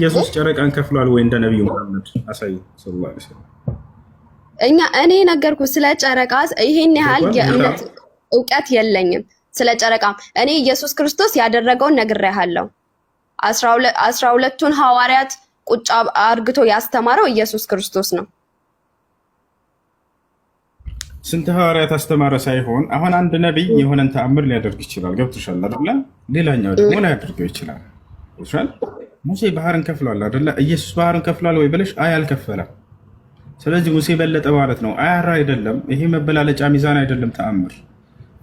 ኢየሱስ ጨረቃን ከፍሏል ወይ? እንደ ነቢዩ መሐመድ አሳዩ። እኛ እኔ ነገርኩ ስለ ጨረቃ ይሄን ያህል የእምነት እውቀት የለኝም። ስለ ጨረቃ እኔ ኢየሱስ ክርስቶስ ያደረገውን ነግሬሃለሁ። አስራ ሁለቱን ሐዋርያት ቁጭ አርግቶ ያስተማረው ኢየሱስ ክርስቶስ ነው። ስንት ሐዋርያት አስተማረ ሳይሆን አሁን አንድ ነቢይ የሆነን ተአምር ሊያደርግ ይችላል። ገብቶሻል አይደለ? ሌላኛው ደግሞ ላያደርገው ይችላል። ሙሴ ባህርን ከፍሏል አይደለ? ኢየሱስ ባህርን ከፍሏል ወይ ብለሽ አይ አልከፈለም። ስለዚህ ሙሴ በለጠ ማለት ነው። አያራ አይደለም። ይሄ መበላለጫ ሚዛን አይደለም። ተአምር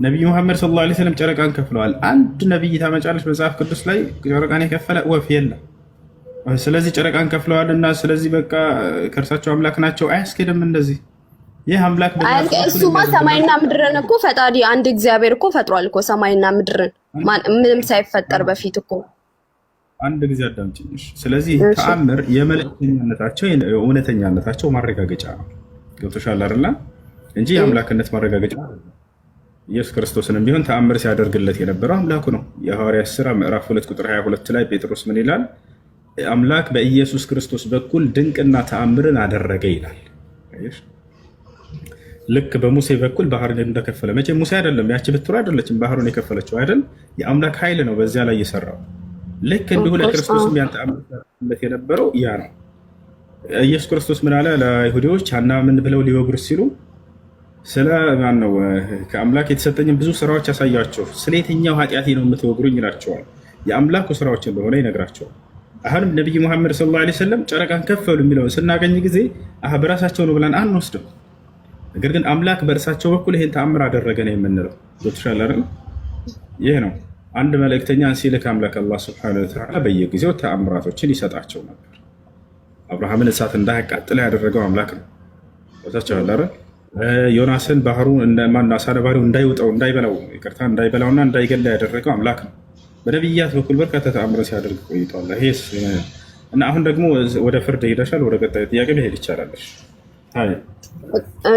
ነቢዩ መሐመድ ሰለላሁ ዐለይሂ ወሰለም ጨረቃን ከፍለዋል። አንድ ነቢይ ታመጫለች መጽሐፍ ቅዱስ ላይ ጨረቃን የከፈለ ወፍ የለም። ስለዚህ ጨረቃን ከፍለዋል እና ስለዚህ በቃ ከእርሳቸው አምላክ ናቸው አያስኬድም። እንደዚህ ይህ አምላክ እሱማ ሰማይና ምድርን እኮ ፈጣሪ አንድ እግዚአብሔር እኮ ፈጥሯል እኮ ሰማይና ምድርን ምንም ሳይፈጠር በፊት እኮ አንድ ጊዜ አዳምጪኝ። ስለዚህ ተአምር የመለክተኛነታቸው የእውነተኛነታቸው ማረጋገጫ ነው። ገብቶሻል አይደል? እንጂ የአምላክነት ማረጋገጫ ኢየሱስ ክርስቶስንም ቢሆን ተአምር ሲያደርግለት የነበረው አምላኩ ነው። የሐዋርያት ሥራ ምዕራፍ 2 ቁጥር 22 ላይ ጴጥሮስ ምን ይላል? አምላክ በኢየሱስ ክርስቶስ በኩል ድንቅና ተአምርን አደረገ ይላል። ልክ በሙሴ በኩል ባህርን እንደከፈለ መቼ ሙሴ አይደለም ያቺ ብትሮ አይደለችም ባህሩን የከፈለችው አይደል? የአምላክ ኃይል ነው በዚያ ላይ የሰራው ልክ እንዲሁ ለክርስቶስ የሚያንጠለት የነበረው ያ ነው። ኢየሱስ ክርስቶስ ምን አለ? አና አናምን ብለው ሊወግሩ ሲሉ ስለ ማን ነው ከአምላክ የተሰጠኝን ብዙ ስራዎች ያሳያቸው ስለ የትኛው ኃጢአቴ ነው የምትወግሩኝ? ይላቸዋል። የአምላኩ ስራዎች እንደሆነ ይነግራቸዋል። አሁንም ነቢይ መሐመድ ስለ ላ ሰለም ጨረቃን ከፈሉ የሚለውን ስናገኝ ጊዜ በራሳቸው ነው ብለን አንወስድም። ነገር ግን አምላክ በእርሳቸው በኩል ይህን ተአምር አደረገ ነው የምንለው። ይህ ነው አንድ መልእክተኛን ሲልክ አምላክ አላህ ሱብሓነሁ ወተዓላ በየጊዜው ተአምራቶችን ይሰጣቸው ነበር። አብርሃምን እሳት እንዳያቃጥለ ያደረገው አምላክ ነው። ቦታቸው ረ ዮናስን ባህሩ ማና አሳ እንዳይውጠው እንዳይበላው፣ ይቅርታ እንዳይበላውና እንዳይገላ ያደረገው አምላክ ነው። በነቢያት በኩል በርካታ ተአምረ ሲያደርግ ቆይቷል። ይሄስ እና አሁን ደግሞ ወደ ፍርድ ሄደሻል። ወደ ቀጣዩ ጥያቄ መሄድ ይቻላለሽ።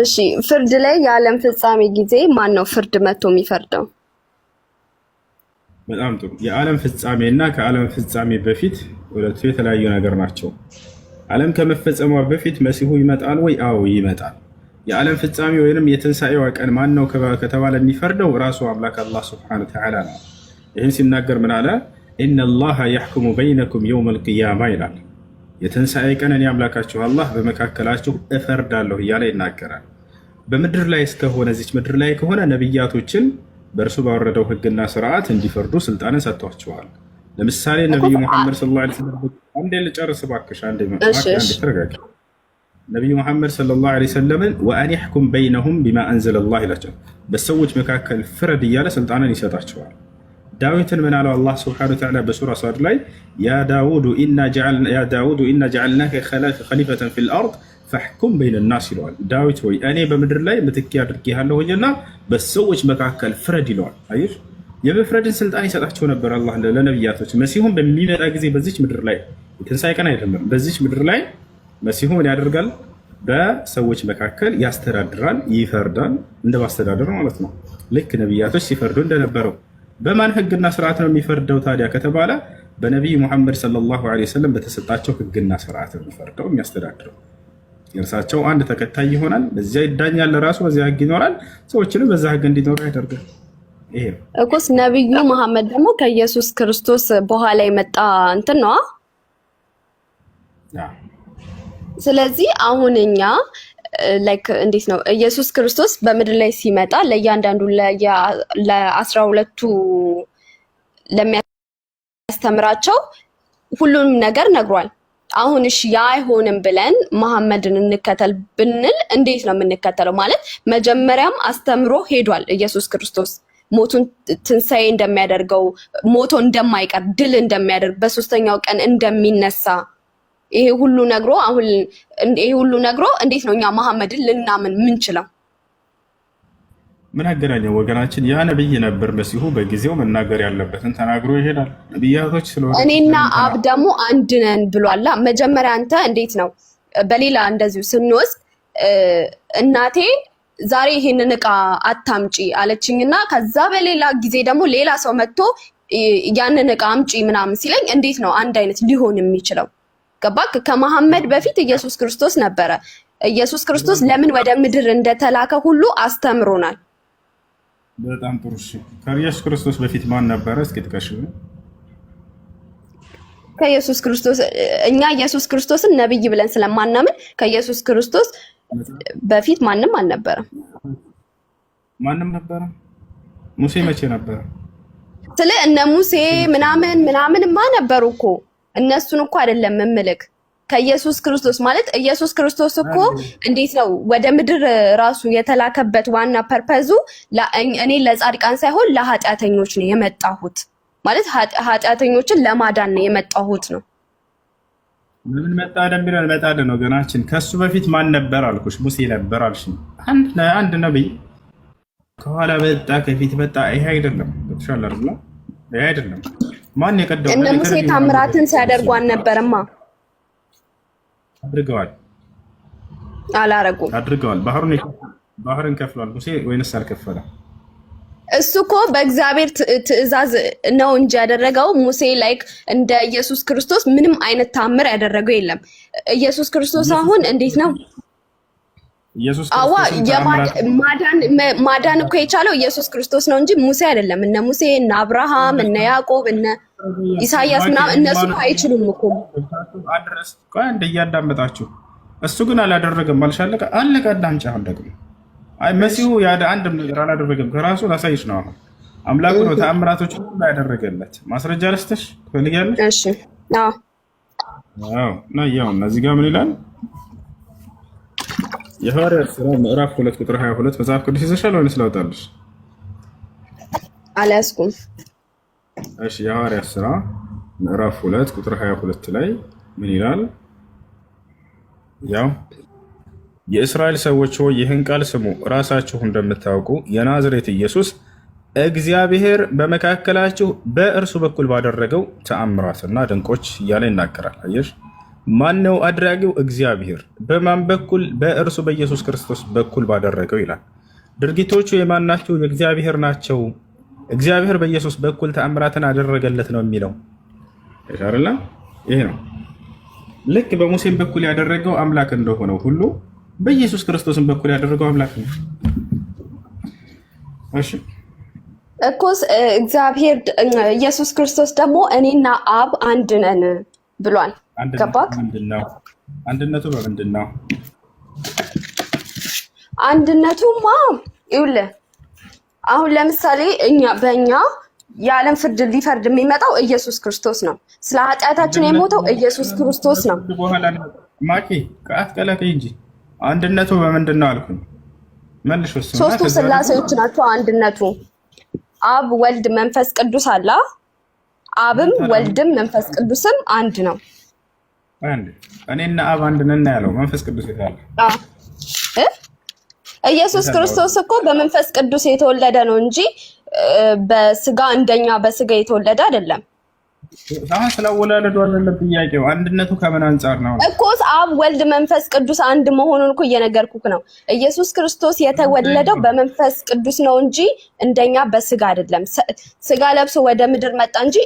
እሺ፣ ፍርድ ላይ የዓለም ፍጻሜ ጊዜ ማን ነው ፍርድ መጥቶ የሚፈርደው? በጣም ጥሩ። የዓለም ፍጻሜ እና ከዓለም ፍጻሜ በፊት ሁለቱ የተለያዩ ነገር ናቸው። ዓለም ከመፈጸሟ በፊት መሲሁ ይመጣል ወይ? አዎ ይመጣል። የዓለም ፍጻሜ ወይንም የትንሣኤዋ ቀን ማን ነው ከተባለ የሚፈርደው ራሱ አምላክ አላህ ሱብሓነሁ ወተዓላ ነው። ይህን ሲናገር ምን አለ? ኢነላሃ ያሕኩሙ በይነኩም የውም ልቅያማ ይላል። የትንሣኤ ቀን እኔ አምላካችሁ አላህ በመካከላችሁ እፈርዳለሁ እያለ ይናገራል። በምድር ላይ እስከሆነ እዚች ምድር ላይ ከሆነ ነቢያቶችን በእርሱ ባወረደው ህግና ስርዓት እንዲፈርዱ ስልጣንን ሰጥቷቸዋል። ለምሳሌ ነቢዩ መሐመድ ሰለላሁ ዐለይሂ ወሰለም አንዴ ልጨርስ እባክሽ፣ ተረጋጊ። ነቢዩ መሐመድ ሰለላሁ ዐለይሂ ወሰለምን ወአን ያሕኩም በይነሁም ቢማ አንዘለላህ ይላቸው፣ በሰዎች መካከል ፍረድ እያለ ስልጣንን ይሰጣቸዋል። ዳዊትን ምን አለው አላህ ስብሐነ ወተዓላ በሱራ ሳድ ላይ ያ ዳውድ ኢና ጀዐልናከ ኸሊፈተን ፊል አርድ ፈሕኩም በይነናስ ይለዋል ዳዊት ሆይ እኔ በምድር ላይ ምትኪ አድርጌሃለሁኝና በሰዎች መካከል ፍረድ ይለዋል። አየሽ የመፍረድን ስልጣን ይሰጣቸው ነበር አላህ ለነቢያቶች። መሲሁን በሚመጣ ጊዜ በዚች ምድር ላይ ትንሣኤ ቀን አይደለም፣ በዚች ምድር ላይ መሲሁ ምን ያደርጋል? በሰዎች መካከል ያስተዳድራል፣ ይፈርዳል። እንደ ማስተዳደር ማለት ነው። ልክ ነቢያቶች ሲፈርዱ እንደነበረው በማን ህግና ስርዓት ነው የሚፈርደው ታዲያ ከተባለ በነቢዩ ሙሐመድ ሰለላሁ ዓለይሂ ወሰለም በተሰጣቸው ህግና ስርዓት ነው የሚፈርደው የሚያስተዳድረው የእርሳቸው አንድ ተከታይ ይሆናል። በዚያ ይዳኛል፣ ራሱ በዚያ ህግ ይኖራል። ሰዎችንም በዛ ህግ እንዲኖሩ ያደርጋል። ይሄ እኮስ ነቢዩ መሐመድ ደግሞ ከኢየሱስ ክርስቶስ በኋላ የመጣ እንትን ነዋ። ስለዚህ አሁን እኛ ላይክ እንዴት ነው ኢየሱስ ክርስቶስ በምድር ላይ ሲመጣ ለእያንዳንዱ ለአስራ ሁለቱ ለሚያስተምራቸው ሁሉንም ነገር ነግሯል። አሁን እሺ ያ አይሆንም ብለን መሐመድን እንከተል ብንል እንዴት ነው የምንከተለው? ማለት መጀመሪያም አስተምሮ ሄዷል ኢየሱስ ክርስቶስ ሞቱን ትንሳኤ እንደሚያደርገው ሞቶ እንደማይቀር ድል እንደሚያደርግ በሶስተኛው ቀን እንደሚነሳ ይሄ ሁሉ ነግሮ አሁን ይሄ ሁሉ ነግሮ እንዴት ነው እኛ መሐመድን ልናምን ምንችለው? ምን አገናኘው? ወገናችን ያ ነብይ ነበር። መሲሁ በጊዜው መናገር ያለበትን ተናግሮ ይሄዳል። ነብያቶች ስለሆነ እኔና አብ ደግሞ አንድ ነን ብሏላ። መጀመሪያ አንተ እንዴት ነው በሌላ እንደዚሁ ስንወስድ እናቴ ዛሬ ይሄንን እቃ አታምጪ አለችኝና ከዛ በሌላ ጊዜ ደግሞ ሌላ ሰው መጥቶ ያንን እቃ አምጪ ምናምን ሲለኝ እንዴት ነው አንድ አይነት ሊሆን የሚችለው? ገባክ? ከመሐመድ በፊት ኢየሱስ ክርስቶስ ነበረ። ኢየሱስ ክርስቶስ ለምን ወደ ምድር እንደተላከ ሁሉ አስተምሮናል። በጣም ጥሩ። እሺ ከኢየሱስ ክርስቶስ በፊት ማን ነበረ? እስኪ ጥቀሽ። ከኢየሱስ ክርስቶስ እኛ ኢየሱስ ክርስቶስን ነብይ ብለን ስለማናምን ከኢየሱስ ክርስቶስ በፊት ማንም አልነበረም። ማንም ነበረ? ሙሴ መቼ ነበረ? ስለ እነ ሙሴ ምናምን ምናምን ማ ነበሩ እኮ እነሱን እኮ አይደለም ምምልክ ከኢየሱስ ክርስቶስ ማለት ኢየሱስ ክርስቶስ እኮ እንዴት ነው ወደ ምድር ራሱ የተላከበት ዋና ፐርፐዙ እኔ ለጻድቃን ሳይሆን ለኃጢአተኞች ነው የመጣሁት ማለት ኃጢአተኞችን ለማዳን ነው የመጣሁት ነው። ምን መጣ ደምብራ መጣ ነው ወገናችን። ከሱ በፊት ማን ነበር አልኩሽ? ሙሴ ነበር አልሽ። አንድ አንድ ነብይ ከኋላ መጣ ከፊት መጣ። ይሄ አይደለም ተሻለ አይደለም። ይሄ አይደለም። ማን የቀደው እነ ሙሴ ታምራትን ሲያደርጉ አልነበረማ አድርገዋል አላረጉም አድርገዋል። ባህርን ከፍሏል ሙሴ ወይንስ እሱ እኮ በእግዚአብሔር ትእዛዝ ነው እንጂ ያደረገው ሙሴ ላይክ እንደ ኢየሱስ ክርስቶስ ምንም አይነት ታምር ያደረገው የለም። ኢየሱስ ክርስቶስ አሁን እንዴት ነው ማዳን እኮ የቻለው ኢየሱስ ክርስቶስ ነው እንጂ ሙሴ አይደለም። እነ ሙሴ እነ አብርሃም እነ ያዕቆብ እነ ኢሳያስ ምናምን እነሱ አይችሉም እኮ አድረስ እንደ እያዳመጣችሁ እሱ ግን አላደረገም። አልሻለቀ አለቀ። አዳምጪ። አሁን ደግሞ አይ መሲሁ አንድም ነገር አላደረገም። ከራሱ ላሳይሽ ነው። አሁን አምላኩ ነው ተአምራቶች ሁሉ ያደረገለት። ማስረጃ ረስተሽ ትፈልጊያለሽ? እሺ። አዎ፣ እና ያው እነዚህ ጋር ምን ይላል? የሐዋርያት ስራ ምዕራፍ ሁለት ቁጥር ሀያ ሁለት መጽሐፍ ቅዱስ ይዘሻል ወይንስ ላውጣልሽ? አልያዝኩም። እሺ የሐዋርያት ስራ ምዕራፍ ሁለት ቁጥር 22 ላይ ምን ይላል? ያው የእስራኤል ሰዎች ሆይ ይህን ቃል ስሙ፣ ራሳችሁ እንደምታውቁ የናዝሬት ኢየሱስ እግዚአብሔር በመካከላችሁ በእርሱ በኩል ባደረገው ተአምራትና ድንቆች እያለ ይናገራል። አየሽ፣ ነው አድራጊው? እግዚአብሔር። በማን በኩል? በእርሱ በኢየሱስ ክርስቶስ በኩል ባደረገው ይላል። ድርጊቶቹ የማን ናቸው? የእግዚአብሔር ናቸው። እግዚአብሔር በኢየሱስ በኩል ተአምራትን አደረገለት ነው የሚለው አይደለ? ይሄ ነው ልክ በሙሴም በኩል ያደረገው አምላክ እንደሆነው ሁሉ በኢየሱስ ክርስቶስን በኩል ያደረገው አምላክ ነው። እሺ እኮ እግዚአብሔር ኢየሱስ ክርስቶስ ደግሞ እኔና አብ አንድ ነን ብሏል። ገባክ? አንድነቱ በምንድን ነው? አንድነቱማ ይውልህ አሁን ለምሳሌ እኛ በእኛ የዓለም ፍርድ ሊፈርድ የሚመጣው ኢየሱስ ክርስቶስ ነው። ስለ ኃጢአታችን የሞተው ኢየሱስ ክርስቶስ ነው። ማኬ ከአት ቀላቀይ እንጂ አንድነቱ በምንድን ነው አልኩኝ። መልሽ ሶስቱ ስላሴዎች ናቸው አንድነቱ። አብ ወልድ መንፈስ ቅዱስ አለ። አብም ወልድም መንፈስ ቅዱስም አንድ ነው። እኔና አብ አንድ ነን ያለው መንፈስ ቅዱስ ይላል ኢየሱስ ክርስቶስ እኮ በመንፈስ ቅዱስ የተወለደ ነው እንጂ በስጋ እንደኛ በስጋ የተወለደ አይደለም። አሁን ስለ አወላለዱ አይደለም ጥያቄው፣ አንድነቱ ከምን አንጻር ነው እኮ አብ፣ ወልድ፣ መንፈስ ቅዱስ አንድ መሆኑን እኮ እየነገርኩክ ነው። ኢየሱስ ክርስቶስ የተወለደው በመንፈስ ቅዱስ ነው እንጂ እንደኛ በስጋ አይደለም። ስጋ ለብሶ ወደ ምድር መጣ እንጂ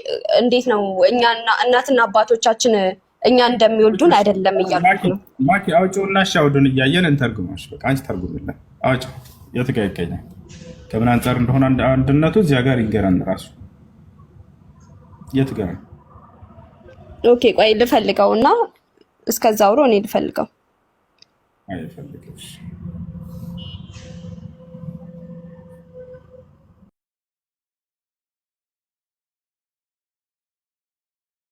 እንዴት ነው እኛና እናትና አባቶቻችን እኛ እንደሚወልዱን አይደለም እያልኩ ነው። ማኪ አውጪውና እሺ፣ አውዱን እያየን እንተርጉማሽ። በቃ አንቺ ተርጉምልን። አውጪው የት ጋር ይገኛል? ከምን አንጻር እንደሆነ አንድነቱ እዚያ ጋር ይገራል። ራሱ የት ጋር? ኦኬ ቆይ ልፈልገውና፣ እስከዛ አውሮ እኔ ልፈልገው። አይ